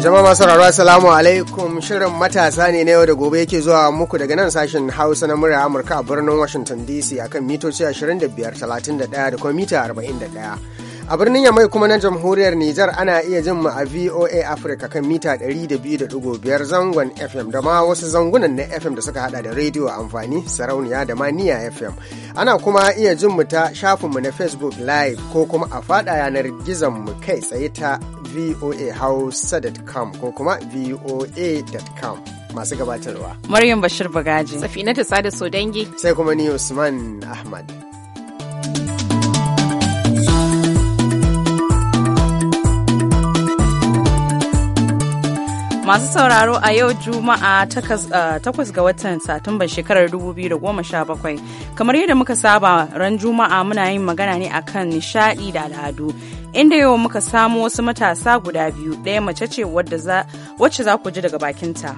Jama'a masu rarwa alaikum shirin matasa ne na yau da gobe yake zuwa muku daga nan sashen Hausa na murya Amurka a birnin Washington DC akan mitoci 25, 31 da kuma mita 41. a birnin yamai kuma na jamhuriyar Nijar ana iya jin mu a VOA Africa kan mita 200.5 zangon FM da ma wasu zangunan na FM da suka hada da rediyo amfani sarauniya da ma niya FM. Ana kuma iya jin mu ta shafinmu na Facebook Live ko kuma a faɗa yanar gizon mu kai tsaye ta voa hausa.com ko kuma voa.com masu gabatarwa. Maryam Bashir Bagaji. Safina Sada Sodangi. Sai kuma ni Usman Ahmad. Masu sauraro a yau Juma'a takwas ah, ga watan Satumban shekarar 2017. Kamar yadda muka saba ran Juma'a muna yin magana ne akan nishadi da al'adu. Inda yau muka samo wasu matasa guda biyu, ɗaya mace ce wacce za ku ji daga bakinta.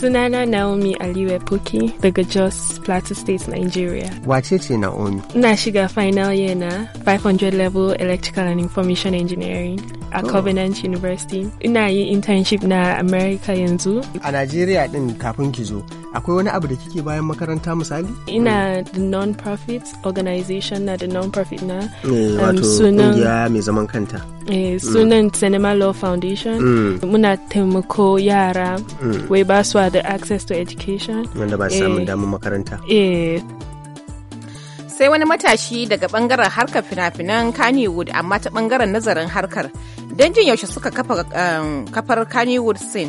Sunana Naomi Aliwe Puki daga Jos Plateau State, Nigeria. Wace ce na Naomi? Ina shiga final year na 500 level Electrical and Information Engineering a oh. Covenant University. Ina yi internship na America yanzu. A Nigeria din kafin ki zo, akwai wani abu da kike bayan makaranta misali ina the non-profit organization na the non-profit na eh, um, wato kungiya mai zaman kanta eh, mm. sunan cinema law foundation mm. muna taimako yara mm. wai ba su da access to education wanda ba su samun eh. damar makaranta sai wani matashi daga bangaren harkar fina-finan Kannywood amma ta bangaren nazarin harkar don jin yaushe suka kafa um, kafar Kannywood Sin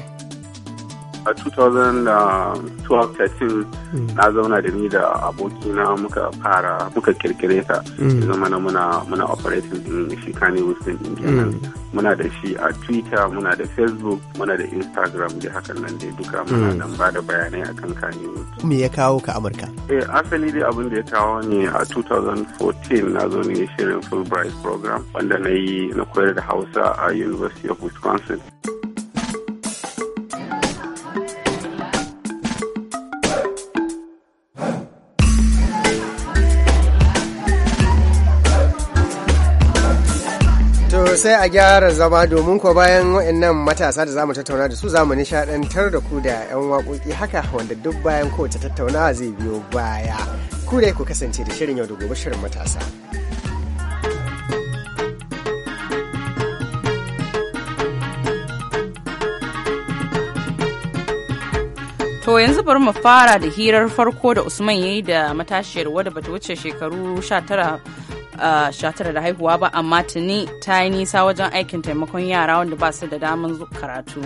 a 2012-13 mm. na zauna da ni da abokina muka fara muka kirkire ta mm. zama na muna muna operating din shi kane wisdom din kenan mm. muna da shi a twitter muna da facebook muna da instagram da hakan nan dai duka muna nan ba da bayanai a akan kani me ya kawo ka amurka eh asali dai abin da ya kawo ne a 2014 na zo ne shirin fulbright program wanda na yi na koyar da hausa a university of wisconsin sosai a gyara zama domin ko bayan wa'annan matasa da zamu tattauna da su zamu nishadantar da ku da 'yan waƙoƙi haka wanda duk bayan kowace tattaunawa zai biyo baya. Ku dai ku kasance da shirin yau da gobe shirin matasa. To yanzu bari mu fara da hirar farko da Usman yayi da matashiyar wadda bata wuce shekaru 19 Shatar da haihuwa ba amma tuni ta yi nisa wajen aikin taimakon yara wanda ba su da daman karatu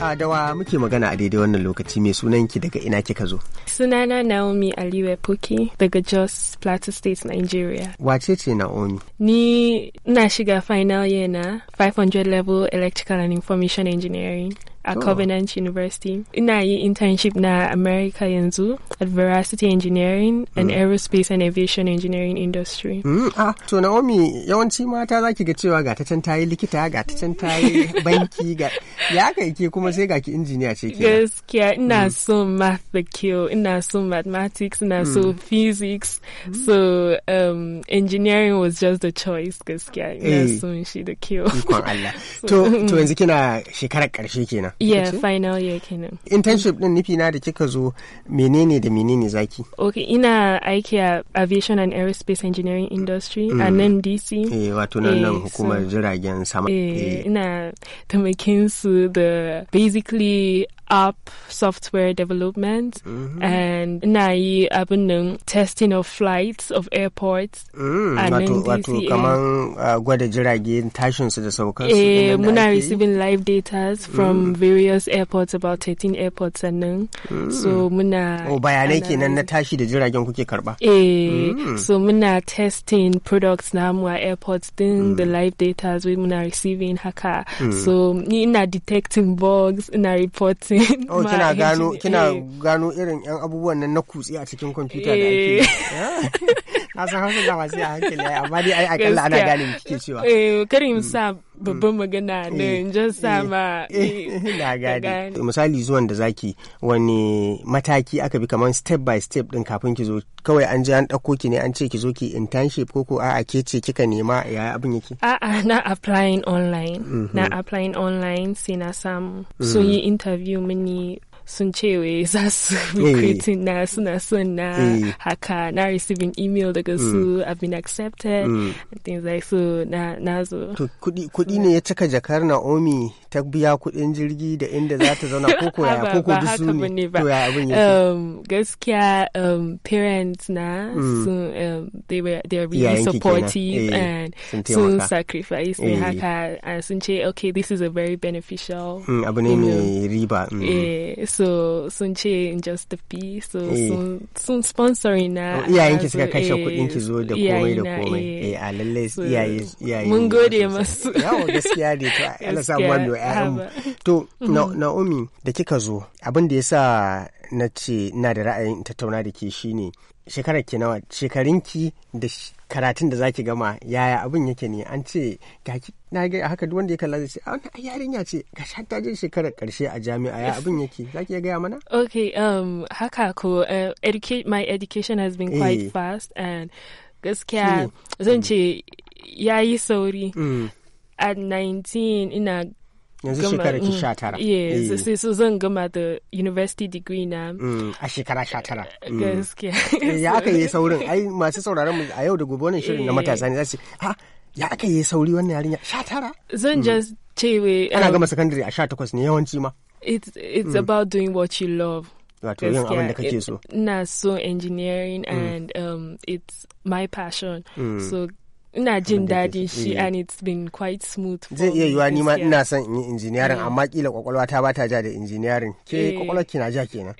adawa muke magana a daidai wannan lokaci mai sunan ki daga ina kika zo sunana naomi aliwe puki daga jos plateau state nigeria wace ce naomi ni na shiga final year na 500 level electrical and information engineering a oh. Covenant University. Ina yi internship na America yanzu at Veracity Engineering and mm. Aerospace and Aviation Engineering Industry. Mm. Ah, to Naomi yawanci mata za ki ga cewa ga ta can yi likita ga ta can yi banki ga ya kai ke kuma sai ga ki injiniya ce ke. Gaskiya ina mm. so math da kyau ina so mathematics ina so mm. physics mm. so um, engineering was just the choice gaskiya ina eh. so shi da kyau. Kwan Allah. To yanzu kina shekarar karshe kenan. yeah final year kenan internship din nufi na da kika zo menene da menene zaki okay ina aiki a aviation and aerospace engineering industry mm. a nan dc eh wato nan nan eh, hukumar jiragen sama eh, eh. ina taimakin su da basically app software development mm-hmm. and na yi abin nan testing of flights of airports mm, a wato, wato kaman ah, gwada jirage tashin su da saukan su eh muna receiving live data from mm. various airports about 13 airports sannan mm. so muna oh bayanai kenan na tashi da jiragen kuke karba eh mm. so muna testing products na mu a airports din mm. the live data we muna receiving haka mm. so ina detecting bugs ina reporting oh, kina gano eh, kina eh. gano irin yan abubuwan nan na kutse a cikin kwamfuta da ake eh. ah. na san hausa da masu a hankali amma dai ai akalla ana gane kike cewa eh karim sa babban magana nan jan sama da gani misali zuwan da zaki wani mataki aka bi kamar step by step din kafin ki zo kawai an ji an ɗauko ki ne an ce ki zo ki internship ko ko a'a ke ce kika nema ya abin yake a'a na applying online mhm. na applying online sai na samu so mhm. yi interview mini sun ce wai za su eh. recruiting na suna son na eh. haka na receiving email daga mm. su I've been accepted mm. things like so na na zo kudi kudi ne ya cika jakar Naomi ta biya kudin jirgi da inda za ta zauna koko ya koko da su ne to ya abin yake um, gaskiya um, parents na mm. sun um, they were they were really supportive eh, and sun sacrifice ne haka sun ce okay this is a very beneficial abu ne mai riba so sun ce in just tafi so eh. sun sponsoring na oh, ki suka kashe eh, kuɗin ki zo da komai da komai eh, eh a lalle iyaye iyaye mun gode masu yawa gaskiya ne to Allah sa mu wanda ƴaƴan to mm-hmm. Naomi da kika zo abin da yasa na ce na da ra'ayin tattauna da ke shine shekarar ki nawa shekarunki da karatun da zaki gama yaya abin yake ne an ce gaki na ga haka duk wanda ya kalla zai ce wannan ai yarinya ce ga shan ta je shekarar karshe a jami'a ya abin yake zaki iya gaya mana okay um haka ko uh, educate my education has been quite hey. Eh. fast and gaskiya zan mm. ce yayi sauri mm. at 19 ina yanzu shekara ki mm, sha tara eh. sai su zan gama da university degree na mm, a shekara sha tara eh, gaskiya mm. eh, ya aka yi saurin ai masu sauraron mu a yau da gobe wannan shirin na matasa ne za ha ya aka yi sauri wannan yarinya sha tara zan just ce ana um, gama secondary a sha takwas ne yawanci ma it's about doing what you love wato yin abin da kake so ina so engineering and um, it's my passion so ina jin daɗin shi eh. and it's been quite smooth zai iya yiwa ni ma ina son in yi engineering amma kila kwakwalwa ta bata ja da engineering ke kwakwalwa eh. ki na ja kenan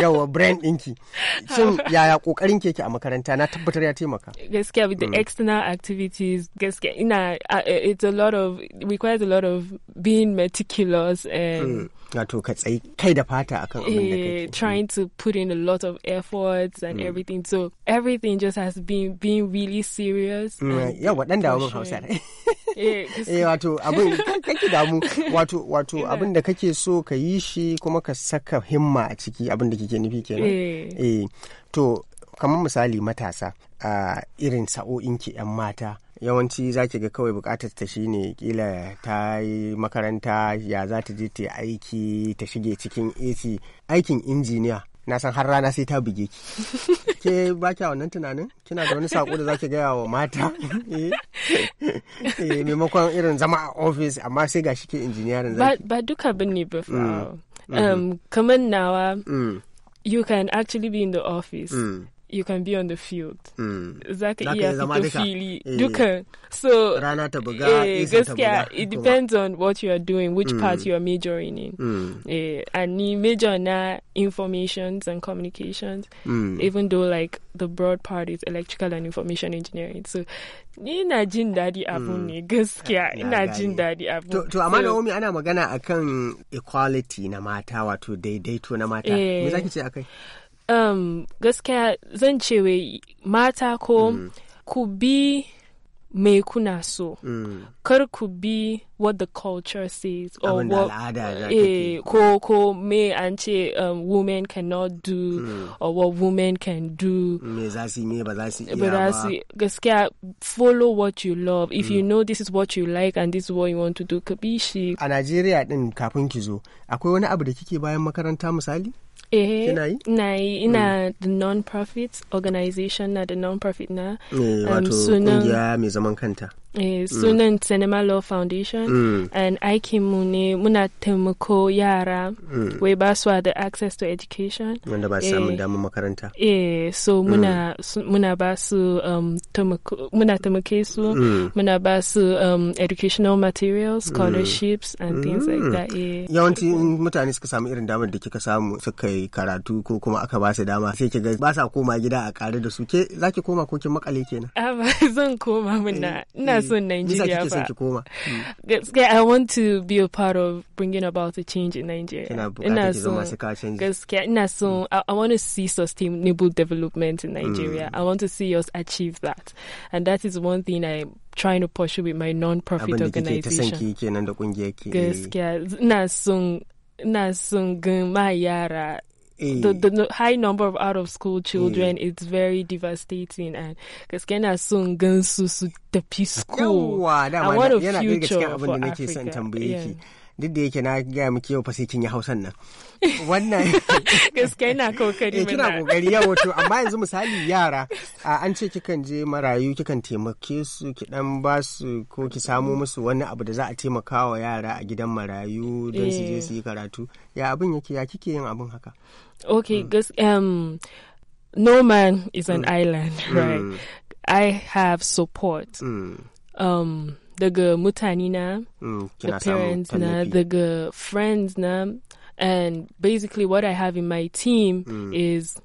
yawa brain ɗinki shin yaya kokarin ke ki a makaranta na tabbatar ya taimaka gaskiya with the mm. external activities gaskiya ina uh, uh, it's a lot of requires a lot of being meticulous and mm. wato ka tsayi kai da fata akan abin da kake eh, trying to put in a lot of efforts and mm. everything so everything just has been being really serious mm, yau waɗanda abin hausa ne eh, eh wato abin kake damu wato wato abin da kake so ka yi shi kuma ka saka himma a ciki abin da kike nufi kenan eh, eh to kamar misali matasa a irin sa'o'in ki 'yan mata yawanci za ki ga kawai bukatar ta shi ne kila ta yi makaranta ya za ta je ta aiki ta shige cikin ac aikin injiniya na san har rana sai ta buge ki ke ba kya wannan tunanin kina da wani sako da zaki gaya wa mata eh. eh maimakon irin zama a ofis amma sai gashi ke injiniyarin zaki ba duka bane ba mm. um, mm-hmm. kamar nawa mm. you can actually be in the office mm. you can be on the field. Mm. Za iya fito fili eh. dukan. So, rana ta buga, eh, isa ta buga. It depends on what you are doing, which mm. part you are majoring in. Mm. Eh, and ni major na informations and communications, mm. even though like the broad part is electrical and information engineering. So, ni ina jin daɗi abun mm. ne gaskiya ina jin daɗi abun. To, amma Naomi ana magana akan equality na mata wato daidaito na mata. Me eh. za ce akai? um, gaskiya zan ce mata ko mm. ku bi me kuna so mm. kar ku bi what the culture says or what eh, ko ko me an ce um, women cannot do mm. or what women can do me za su me ba za su iya ba gaskiya follow what you love if mm. you know this is what you like and this is what you want to do ka bi shi a Najeriya din kafin ki zo akwai wani abu da kike bayan makaranta misali Eh, nai? yi? Na yi, ina mm. non-profit organization na the non-profit na. Eh, um, wato kungiya mai zaman kanta. Eh, mm. sunan mm. Cinema Law Foundation. Mm. And mu ne muna taimako yara mm. We ba su the access to education. Wanda ba su samun eh, damar makaranta. Eh, so mm. muna, su, muna ba su um, taimako, muna taimake su, muna ba su um, educational materials, scholarships and things like that. Eh. Yawanci mutane suka samu irin damar da kika samu suka yi yi karatu ko kuma aka ba su dama sai ki ga ba sa koma gida a kare da su ke za ki koma ko kin makale kenan a ah, ba zan koma na. Eh, ina eh, son Nigeria ba ki koma hmm. gaskiya I want to be a part of bringing about a change in Nigeria ina so gaskiya ina so hmm. I want to see sustainable development in Nigeria hmm. I want to see us achieve that and that is one thing I trying to pursue with my non-profit organization. Eh. Gaskiya, ina son ina son gan ma yara The, eh. the, high number of out of school children mm. Eh. it's very devastating and because Kenya soon su to school I want a future for Africa. Yeah. duk da yake na gaya miki yau fa yi hausan nan wannan gaske na kokari eh, kina kokari ya wato amma yanzu misali yara an ce kikan je marayu kikan taimake su ki dan ba su ko ki samo musu wani abu da za a taimaka wa yara a gidan marayu don su je eh. su yi karatu ya abin yake ya kike yin abin haka okay hmm. um, no man is an hmm. island hmm. right i have support um, daga mutane na mm, the parents na daga friends na and basically what i have in my team mm. is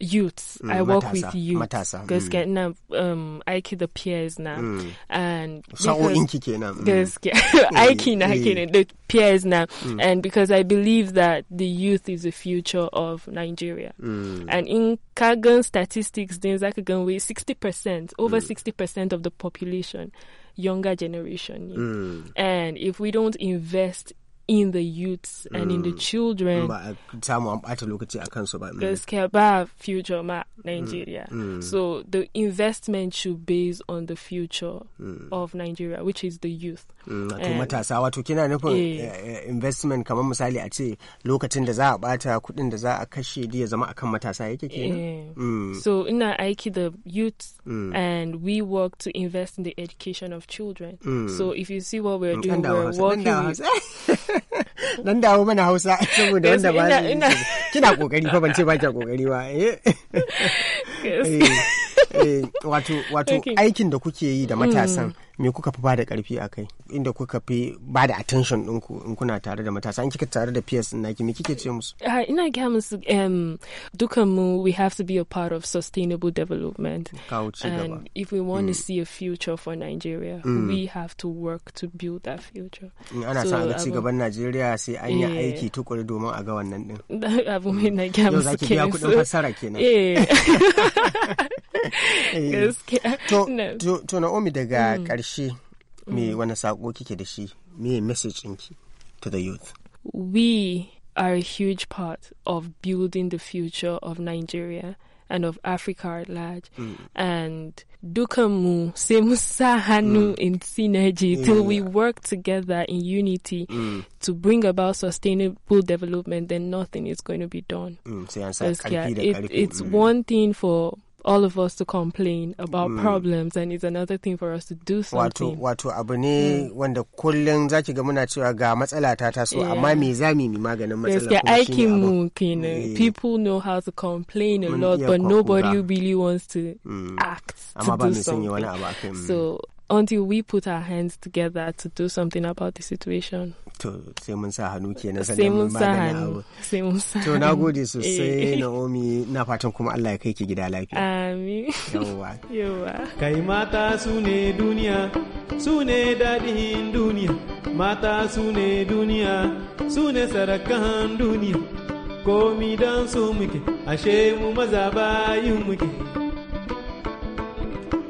youths mm, i work with youths mm. gaskiya ina um, aiki da peers na mm. and sa'o'inki oh, kenan gaskiya aiki na kenan da peers na and because i believe that the youth is the future of nigeria mm. and in kagan statistics din zaka gan we 60% over 60% of the population younger generation. Mm. And if we don't invest in the youths mm. and in the mm. children ba an bata lokaci a ba mm. gaskiya ba future ma Nigeria mm. mm. so the investment should base on the future mm. of Nigeria which is the youth To matasa wato kina nufin eh. Eh, eh, investment kamar misali a ce lokacin da za a bata kudin da za a kashe da ya zama akan matasa yake kenan so ina aiki the youth and we work to invest in the education of children so if you see what are doing working with Dan dawo mana Hausa saboda wanda ba kina kokari fa ban ce ba kya kokari ba. Eh. Eh, wato wato aikin da kuke yi da mm. matasan me kuka fi bada karfi a kai inda kuka fi bada attention ɗinku in kuna tare da matasan kika tare da peers na ki me kike ce musu ah, ina ga musu dukan mu we have to be a part of sustainable development and if we want to mm. see a future for Nigeria mm. we have to work to build that future ana son ga um, cigaban Najeriya sai an yi aiki tukuri domin a ga wannan din abu mai na ga musu kenan yau zaki biya kuɗin fasara kenan eh. Eh, to daga mm. Mm. me wani sako kike da shi me message to the youth we are a huge part of building the future of Nigeria and of Africa at large. Mm. And dukamu semusa hanu mm. in synergy yeah. till we work together in unity mm. to bring about sustainable development, then nothing is going to be done. Mm. So yeah, it, it's one thing for all of us to complain about mm. problems and it's another thing for us to do something. Wato wato abu ne mm. wanda kullum zaki ga muna cewa ga matsala ta taso amma me za mu yi maganin matsala Gaskiya aikin mu kenan. Eh. People know how to complain a lot but nobody really wants to mm. act to do something. So until we put our hands together to do something about the situation. To sai mun sa hannu kenan sai mun sa hannu. Sai mun sa To na gode sosai eh. Naomi na fatan kuma Allah ya kai ki gida lafiya. Amin. Yawwa. Yawwa. Kai mata su ne duniya, su ne daɗin duniya, mata su ne duniya, su ne sarakan duniya. Komi dan su muke, ashe mu maza bayin muke.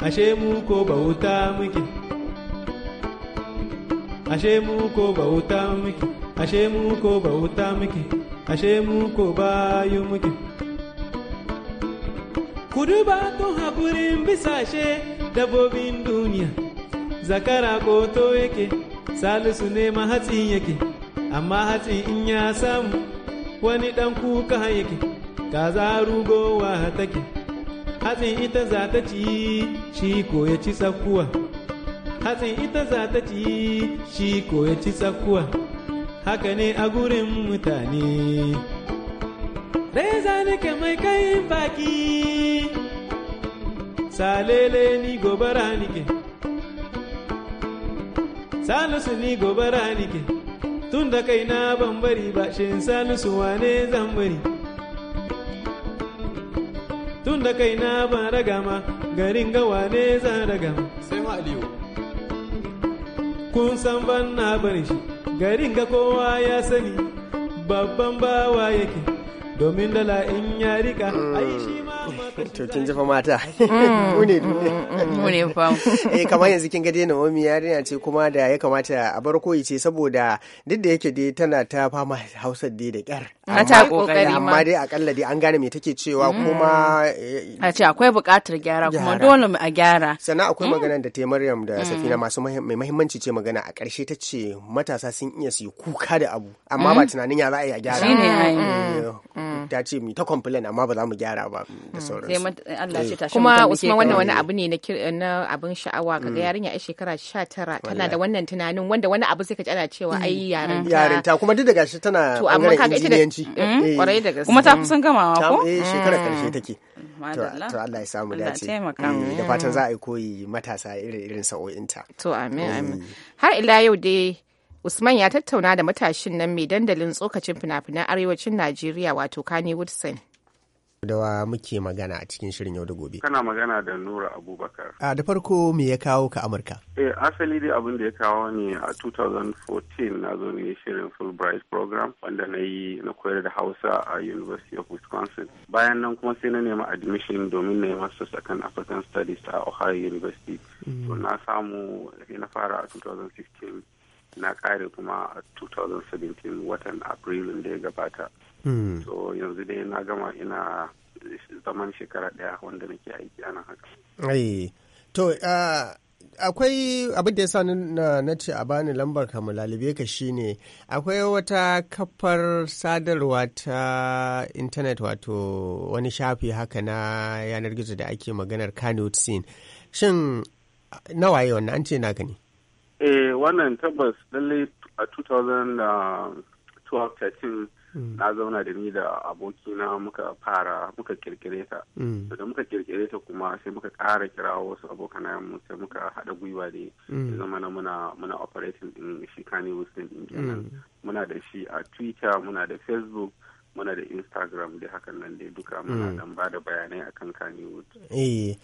ashe mu ko bauta muke ashe mu ko bauta muke ashe mu ko bauta muke ashe mu ko bayu muke kuduba tun haƙurin bisashe dabobin duniya zakara ko to yake salisu ne ma yake amma hatsi in ya samu wani dan kuka yake Ka kaza rugowa take hatsi ita za ta ci shi ko ya ci sakuwa hatsin ita za ta ci shi ko ya ci sakuwa haka ne a gurin mutane reza nake mai kayin baki salele ni gobara nike salisu ni gobara nike tun da kai na bambari ba shin salisu wane zambari tun da kai na ban ragama garin gawa ne zan raga sai ma aliyu kun san ban na shi garin ga kowa ya sani babban bawa yake domin dala in ya rika ai shi to kin mata mm. mu ne mm, mm, mu ne fa eh kamar yanzu kin ga dai Naomi yarinya ce kuma da ya kamata a bar koyi ce saboda duk da yake dai tana ta fama Hausa dai da kyar ta kokari amma dai akalla dai an gane me take cewa kuma eh, a ce akwai buƙatar gyara kuma dole a gyara sannan akwai magana da ta Maryam da Safina masu mai mahimmanci ce magana a ƙarshe ta ce matasa sun iya su kuka da abu amma ba tunanin ya za a yi a gyara ta ce mu ta complain amma ba za mu gyara ba mm, da mm, sauransu Allah ce ta kuma Usman wannan wani abu ne na abin sha'awa kaga mm. yarinya a shekara 19 tana da wannan tunanin wanda wani abu sai ka ji ana cewa ai yaran ta ta kuma duk da gashi tana to amma ita da eh, eh. kuma ta kusan gamawa ko eh shekara karshe take to Allah ya samu dace eh, da fatan za a yi koyi matasa irin irin sa'o'inta to amin amin har ila yau dai Usman ya tattauna da matashin nan mai dandalin tsokacin fina-finan arewacin Najeriya wato Kani Woodson. da muke magana a cikin shirin yau da gobe. Kana magana da Nura Abubakar. A da farko me ya kawo ka Amurka? Eh asali dai abin da ya kawo ne a 2014 na zo ne shirin Fulbright program wanda na yi na koyar da Hausa a University of Wisconsin. Bayan nan kuma sai na nema admission domin na yi masters akan African Studies a Ohio University. Mm. na samu na fara a 2016. na kare kuma a 2017 watan Afrilun da ya gabata. Hmm. So yanzu dai na gama ina zaman shekara ɗaya wanda nake aiki ana haka. Ai, to akwai abin da ya sa na ce a bani lambar kamar lalibe ka shi ne. akwai wata kafar sadarwa ta intanet wato wani shafi haka na yanar gizo da ake maganar kano scene shin nawaye wannan an ce na gani eh wannan tabbas lalle a 2012-13 hmm. na zauna da ni da abokina muka fara muka kirkire ta hmm. da muka kirkire ta kuma sai muka ƙara kira wasu abokan mu sai muka haɗa gwiwa da hmm. ya zama na muna muna operating din shi kani wisdom din muna da shi a twitter muna da facebook muna da instagram da hakan nan dai duka muna dan ba da bayanai akan kane wood eh,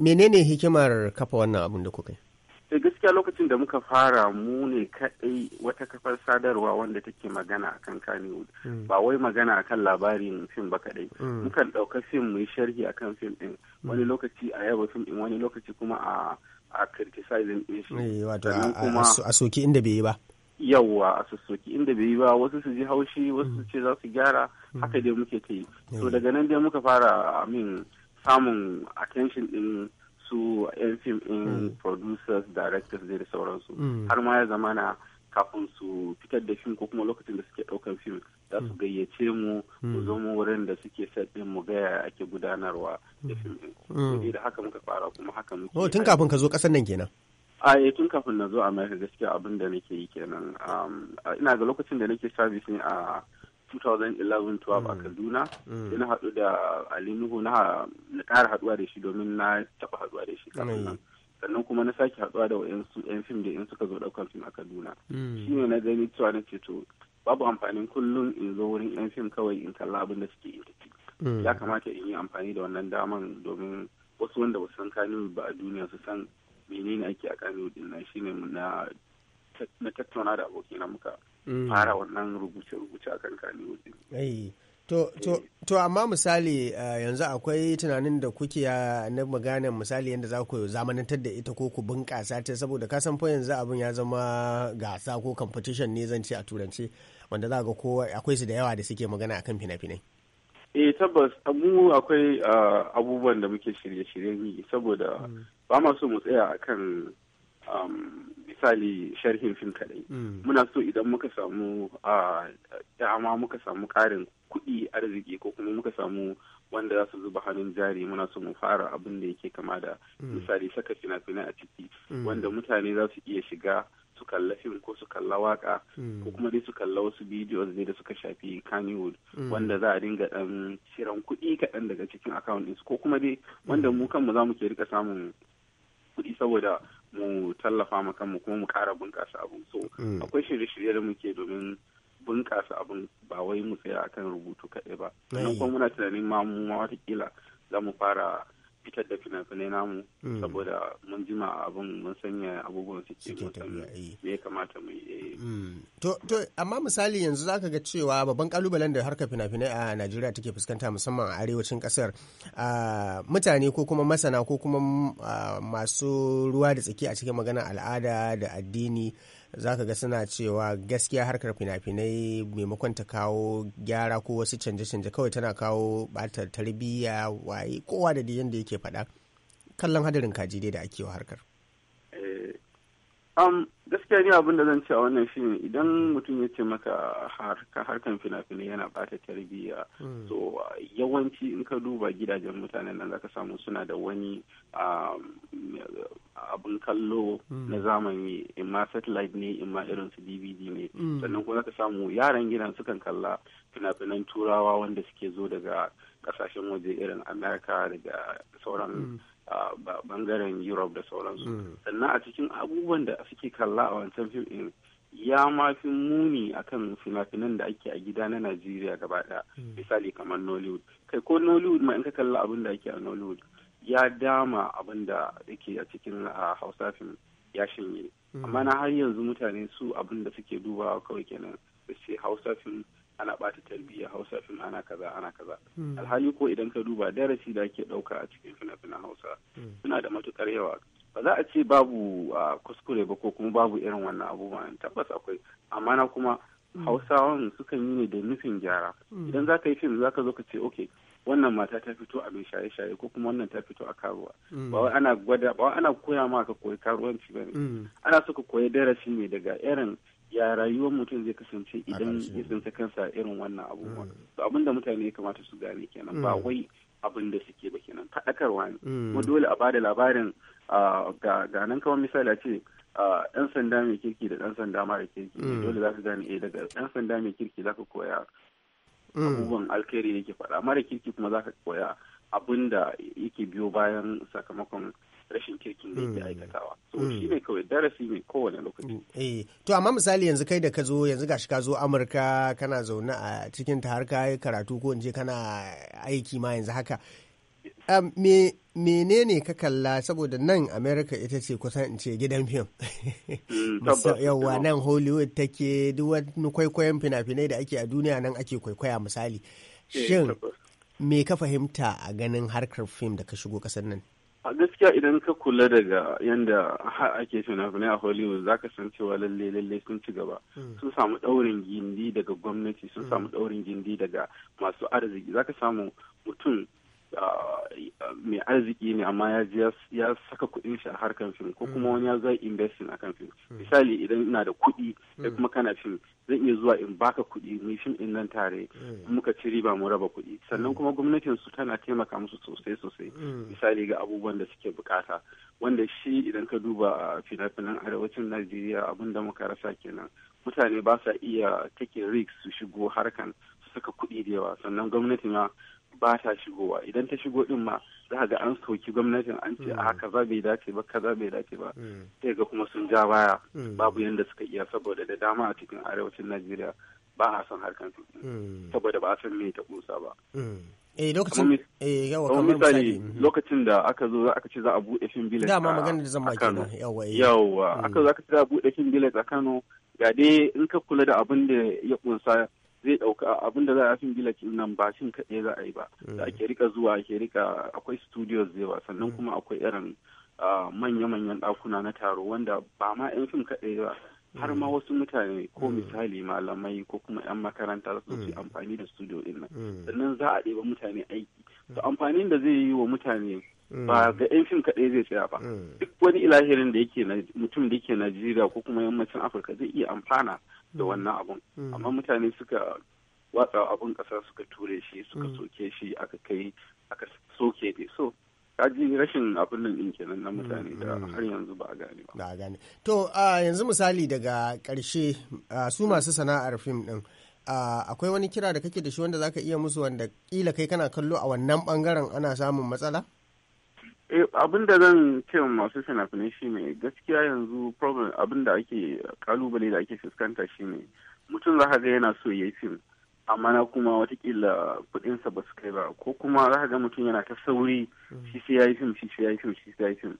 menene hikimar kafa wannan abun da kuka yi gaskiya lokacin da muka fara mu ne kaɗai wata kafar sadarwa wanda take magana akan kanewood mm. ba wai magana akan labarin fim ba kaɗai mm. mukan ɗauka fim mu yi sharhi akan fim ɗin wani mm. lokaci a yaba fim ɗin wani lokaci kuma a a criticizing din shi eh, a soki inda bai yi ba yawwa a sassoki inda bai yi ba wasu su ji haushi wasu su ce za su gyara haka dai muke ta yi so daga nan dai muka fara min samun attention din. su yan fim hmm. producers directors da sauransu hmm. har ma ya zamana kafin su fitar da fim ko kuma lokacin da suke ɗaukan fim za su hmm. gayyace mu mu zo mu wurin da suke set din mu gaya ake gudanarwa da fim din da haka muka fara kuma haka muke oh, tun kafin ka zo kasar nan kenan a ah, yi eh, tun kafin na zo america gaskiya abin da nake yi kenan um, ina ga lokacin da nake service ne a 2011-12 a mm. kaduna mm. ina na haɗu da ali nuhu na ƙara haɗuwa da shi domin na taɓa haɗuwa da shi mm. sannan kuma na sake haɗuwa da wayansu yan fim da in suka zo ɗaukar fim a kaduna shi ne na gani cewa na ceto babu amfanin kullum in zo wurin yan fim kawai in kalla abin da suke yi ya kamata in yi amfani da wannan daman domin wasu wanda ba san kanu ba a duniya su san menene ake a kanu din nan shine na tattauna da abokina muka fara mm. wannan rubuce-rubuce akan kani To, to, eh. to amma misali uh, yanzu akwai tunanin da kuke na maganin misali yadda za ku zamanantar da ita ko ku bunƙasa ta saboda ka fa yanzu abin ya zama gasa ko competition ne zan ce a turanci wanda za ga kowa akwai su da yawa da suke magana akan fina-finai. eh tabbas mu akwai eh, abubuwan da muke shirye-shiryen yi saboda mm. ba masu so mu tsaya akan um, misali sharhin fim kadai mm. muna so idan muka samu dama muka samu karin kuɗi arziki ko kuma muka samu wanda za su zuba hannun jari muna so mu fara abin da yake kama da mm. misali saka fina-finai a ciki mm. wanda mutane za su iya shiga su kalla fim ko su kalla waka ko kuma dai su kalla wasu bidiyon ne da suka shafi Kannywood wanda za a dinga dan shirin kuɗi kaɗan daga cikin akawun ko kuma dai wanda mu kanmu za mu ke rika samun kuɗi saboda mu tallafa ma mu kuma mu kara bunƙasa abun so mm. akwai shirye-shirye da muke domin bunƙasa abun ba wai mu tsaya akan rubutu kaɗai ba sannan kuma muna tunanin ma mu watakila za mu fara fitar da fina-finai namu hmm. saboda mun jima abin mun sanya abubuwan suke eh. me ya kamata mu yi eh. hmm. to to amma misali yanzu zaka ga cewa babban kalubalen da harkar fina-finai a Najeriya take fuskanta musamman a arewacin kasar mutane ko kuma masana ko kuma masu ruwa da tsaki a cikin magana al'ada da addini za ka ga suna cewa gaskiya harkar fina-finai maimakon ta kawo gyara ko wasu canje-canje kawai tana kawo ɓatar tarbiyya waye kowa da da yake faɗa kallon hadarin kaji dai da ake wa harkar Um, gaskiya ne abin da zan ce a wannan shi idan mutum ya ce maka harkan fina-finai yana bata tarbiyya so hmm. yawanci in ka duba gidajen mutanen nan zaka samu suna da wani abin kallo hmm. na zamani in ma satellite ne in ma irin su dvd ne hmm. sannan kuma zaka samu yaran gidan sukan kalla fina-finan turawa wanda suke zo daga kasashen waje irin amerika daga sauran a bangaren europe da sauransu mm. sannan a cikin abubuwan da suke kalla a wancan fim din ya ma fi muni akan fina-finan da ake a gida na najeriya gaba ɗaya mm. misali kamar nollywood kai ko nollywood ma in ka kalla abin da ake a nollywood ya dama abin da yake a cikin hausa fim ya shanye mm. amma na har yanzu mutane su abin da suke dubawa kawai kenan sai hausa fim ana bata tarbiyya hausa fim ana kaza ana kaza hmm. alhali ko idan ka duba darasi da ake dauka a cikin fina-finan hausa hmm. suna da matukar yawa ba za a ce babu kuskure ba ko kuma babu irin wannan abubuwan tabbas akwai amma na kuma hmm. hausawan sukan yi ne da nufin gyara idan za ka yi fim za ka zo ka ce ok wannan mata ta fito a mai shaye-shaye ko kuma wannan ta fito a karuwa ba wai ana gwada ba ana koya ma ka koyi karuwanci ba ne ana so ka koyi darasi ne daga irin ya rayuwar mutum zai kasance idan ya tsinta kansa irin wannan abubuwa mm. to abin da mutane ya kamata su gane kenan ba mm. wai abin da suke ba kenan faɗakarwa ne mm. kuma dole a bada labarin ga nan kawai misali a ce ɗan sanda mai kirki da ɗan sanda mara kirki dole za ka gane eh daga ɗan sanda mai kirki za ka koya abubuwan alkhairi yake faɗa mara kirki kuma za ka koya abin da yake biyo bayan sakamakon rashin kirkin da yake hmm. aikatawa so hmm. shi ne kawai darasi ne kowane lokaci hmm. eh to amma misali yanzu kai da ka zo yanzu gashi ka zo Amurka kana zaune a cikin ta har ka karatu ko in je kana aiki ma yanzu haka me menene ka kalla saboda nan america ita ce kusan in ce gidan fim yauwa nan hollywood take duk wani kwaikwayon fina-finai da ake a duniya nan ake kwaikwaya misali eh, shin me ka fahimta a ganin harkar fim da ka shigo kasar nan a gaskiya idan ka kula daga yadda ake fina-finai a hollywood za ka san cewa lalle lalle sun ci gaba hmm. sun samu daurin gindi daga gwamnati sun hmm. samu daurin gindi daga masu arziki za ka samu mutum Uh, mai arziki ne amma ya ji ya saka kuɗin shi a harkar fim ko kuma hmm. wani ya investin investing kan fim hmm. misali idan ina da kuɗi da hmm. kuma kana fim zan iya zuwa in baka kuɗi mu fim din nan tare muka ci riba mu raba kuɗi sannan kuma gwamnatin su tana taimaka musu sosai sosai misali ga abubuwan da suke bukata wanda shi idan ka duba uh, fina-finan arewacin najeriya abun da muka rasa kenan mutane ba sa iya take risk su shigo harkan su saka kuɗi da yawa sannan gwamnati ma ba ta shigowa idan ta shigo din ma za ga an sauki gwamnatin an ce a mm. kaza bai dace ba kaza bai dace ba mm. sai ga kuma sun ja baya mm. babu yanda suka iya saboda da dama a cikin arewacin Najeriya ba a son harkan su saboda ba a san me ta kusa ba eh lokacin eh yawa kamar misali mm-hmm. lokacin da aka zo za aka ce za a bude fin village dama magana da zan kenan yawa eh. yawa aka zo aka ce za a bude fin village a Kano ga dai in ka kula da abin da ya kunsa zai ɗauka abin da za a fin kin nan ba shin kaɗai za a yi ba mm. da ake rika zuwa ake rika akwai studios ba sannan mm. kuma akwai irin manya-manyan ɗakuna na taro wanda ba ma 'yan fim kaɗai ba har ma mm. wasu mutane ko misali malamai ko kuma 'yan makaranta su ke amfani da studio din nan sannan za a ɗeba mutane aiki to amfanin da zai yi wa mutane ba ga 'yan fim kaɗai zai tsaya ba duk wani ilahirin da yake mutum da yake najeriya ko kuma yammacin afirka zai iya amfana da wannan abun mm. amma mutane suka watsa abun kasa suka ture shi suka mm. soke shi aka kai aka soke ne so kaji rashin abin nan din kenan na mutane da mm. har yanzu ba a gane ba. Ba gane. To yanzu misali daga karshe su masu sana'ar fim din akwai wani kira da kake da shi wanda zaka iya musu wanda kila kai kana kallo a wannan bangaren ana samun matsala? Eh, abin da zan ce masu fina-finai ne gaskiya yanzu problem abin da ake kalubale da ake fuskanta shi ne mutum za ga yana so ya yi fim amma na kuma watakila kudinsa ba su kai ba ko kuma za ga mutum yana ta sauri hmm. shi sai ya yi fim shi sai ya yi fim shi sai ya yi fim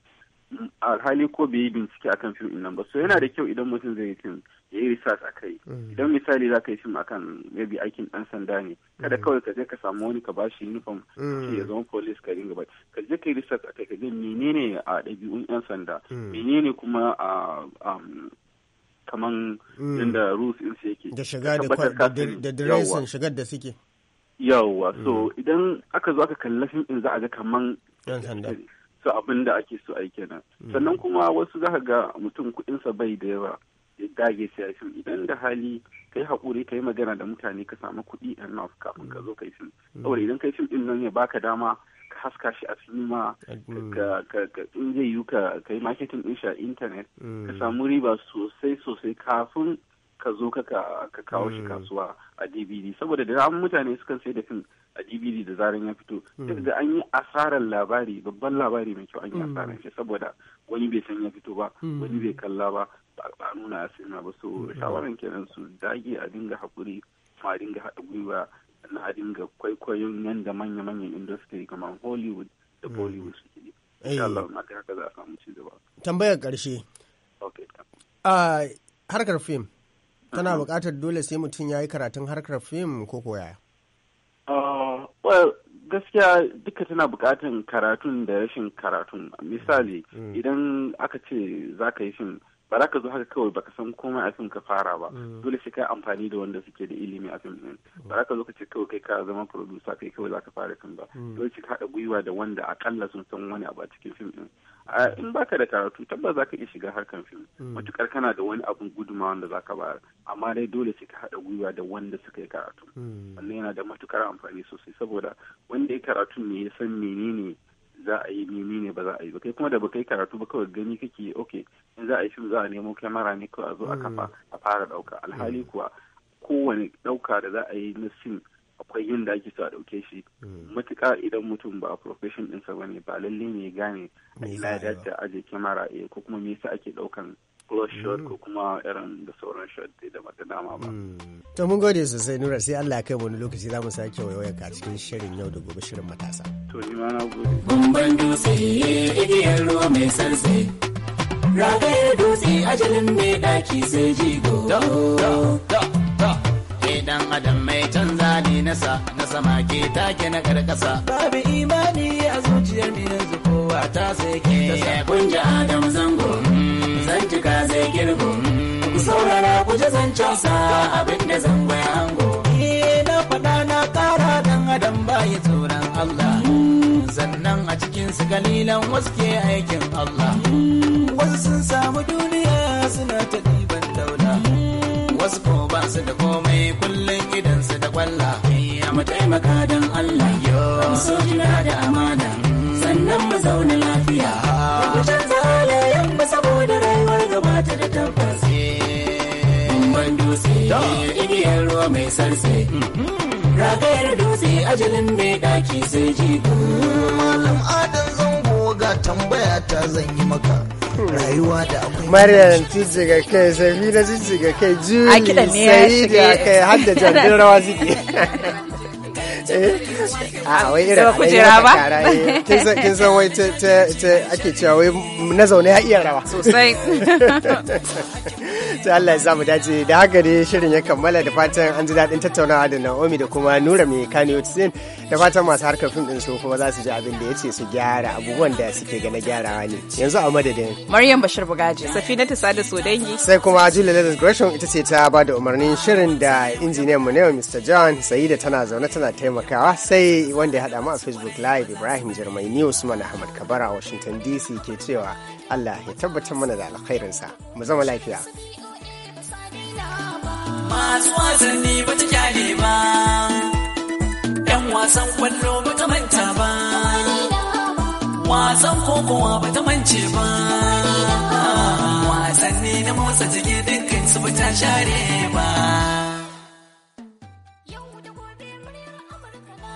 alhali ko bai yi bincike akan fim din nan ba so yana da kyau idan mutum zai yi fim ya yi research a kai mm. idan misali za ka yi fim akan maybe aikin dan sanda ne kada mm. kawai ka je ka samu wani ka bashi uniform ke mm. ya zama police ka ringa ba ka je ka yi research a kai ka je menene a ɗabi'un yan sanda menene kuma a kaman yadda rules din su yake da shiga da dressing shigar da suke yawa so idan aka zo aka kalla fim din za a ga kaman su abin da ake so aiki nan mm. sannan kuma wasu za ga mutum kuɗinsa bai da yawa ya dage sai idan da hali kai haƙuri kai magana da mutane ka samu kuɗi enough kafin ka zo kai fim mm. saboda idan kai fim din nan ya baka dama ka haska shi a sinima ka in zai yi ka kai marketing ɗin shi a intanet mm. ka samu riba sosai sosai kafin ka zo ka ka kawo shi mm. kasuwa a dvd saboda da an mutane sukan sai da fim a dvd da zaran ya fito duk mm. da an yi asarar labari babban labari mai kyau an yi mm. asarar shi saboda wani bai san ya fito ba wani bai kalla ba ba nuna a ba so shawaran kenan su dage a dinga haƙuri a dinga haɗa gwiwa na a dinga kwaikwayon yanda manya-manyan industry kamar hollywood da bollywood suke yi. Eh. Allah ma haka za a samu ci gaba. Tambayar ƙarshe. Ah, harkar fim tana bukatar dole sai mutum ya yi karatun harkar fim ko koya? Ah, well gaskiya duka tana buƙatar karatun da rashin karatun misali hmm. idan aka ce za ka yi fim ba za ka zo haka kawai baka san komai a fim ka fara ba mm. dole sai ka amfani da wanda suke da ilimi a fim din ba za ka zo ka ce kawai kai ka zama producer kai kawai za ka fara fim ba mm. dole sai ka haɗa gwiwa da wanda akalla sun san wani abu a cikin fim din in baka da karatu tabbas za ka iya shiga harkan fim mm. matukar kana da wani abun guduma wanda za ka bayar amma dai dole sai ka haɗa gwiwa da wanda suka yi karatu wannan yana da matukar amfani sosai saboda wanda ya karatu ne ya san menene za a yi mimi ne ba za a yi ba kai kuma da ba kai karatu ba kawai gani kake ok in za a yi shi za a nemo kyamara ne kawai a zo a hmm. kafa a fara ɗauka alhali hmm. kuwa kowane ɗauka da za a yi na sin akwai yin da ake so a ɗauke shi hmm. matuka idan mutum ba a profession ɗinsa ba ne ba lalle ne gane a ina ya aje kyamara eh, ko kuma me yasa ake ɗaukan close shot mm. ko kuma irin da sauran shot da mata dama ba. Mm. To mun gode sosai Nura sai Allah ya kai wani lokaci za mu sake wayewar ka cikin shirin yau da gobe shirin matasa. To ni ma na gode. Bumban dutse igiyar ruwa mai sarsi. Ragayar dutse ajalin ne daki sai jigo. Idan dan adam mai canza ne nasa na sama ke take na karkasa. Babu imani a zuciyar mai yanzu kowa ta sai ke. Ta sakon ji Adam zango. cika zai girgo ku saurara ku ji sa abin da zan ya hango eh, na faɗa na ƙara dan adam ya tsoron Allah sannan a cikin su kalilan wasu ke aikin Allah wasu sun samu duniya suna ta ɗiban daula wasu ko ba su da komai kullum idan su da kwalla ya mu taimaka don Allah yo so jira da amana sannan mu zauna lafiya ah. igiyar ruwa mai sarse ragayar dutse ajalin mai daki sai jigo malam adam zango ga tambaya ta zan yi maka rayuwa da akwai jijjiga kai jijjiga kai sai da kai har da rawa eh, a wai ba eh, kin san wai ta ake cewa wai na zaune iya rawa sosai sai Allah ya samu dace da haka ne shirin ya kammala da fatan an ji daɗin tattaunawa da Naomi da kuma Nura mai Otisin da fatan masu harkar fim din su kuma za su ji abin da ya ce su gyara abubuwan da suke gane gyarawa ne yanzu a madadin Maryam Bashir Bugaji Safina Tasada Sodangi sai kuma Julia Ledes Gresham ita ce ta ba da umarnin shirin da injiniyan mu ne Mr John Saida tana zaune tana taimakawa sai wanda ya haɗa mu a Facebook Live Ibrahim Jirmai ni Usman Ahmad Kabara a Washington DC ke cewa Allah ya tabbatar mana da alkhairinsa mu zama lafiya masu wasanni ba ta kyale ba yan wasan kwallo ba ta manta ba wasan kokowa ba ta mance ba wasanni na motsa jiki dukkan su ba ta share ba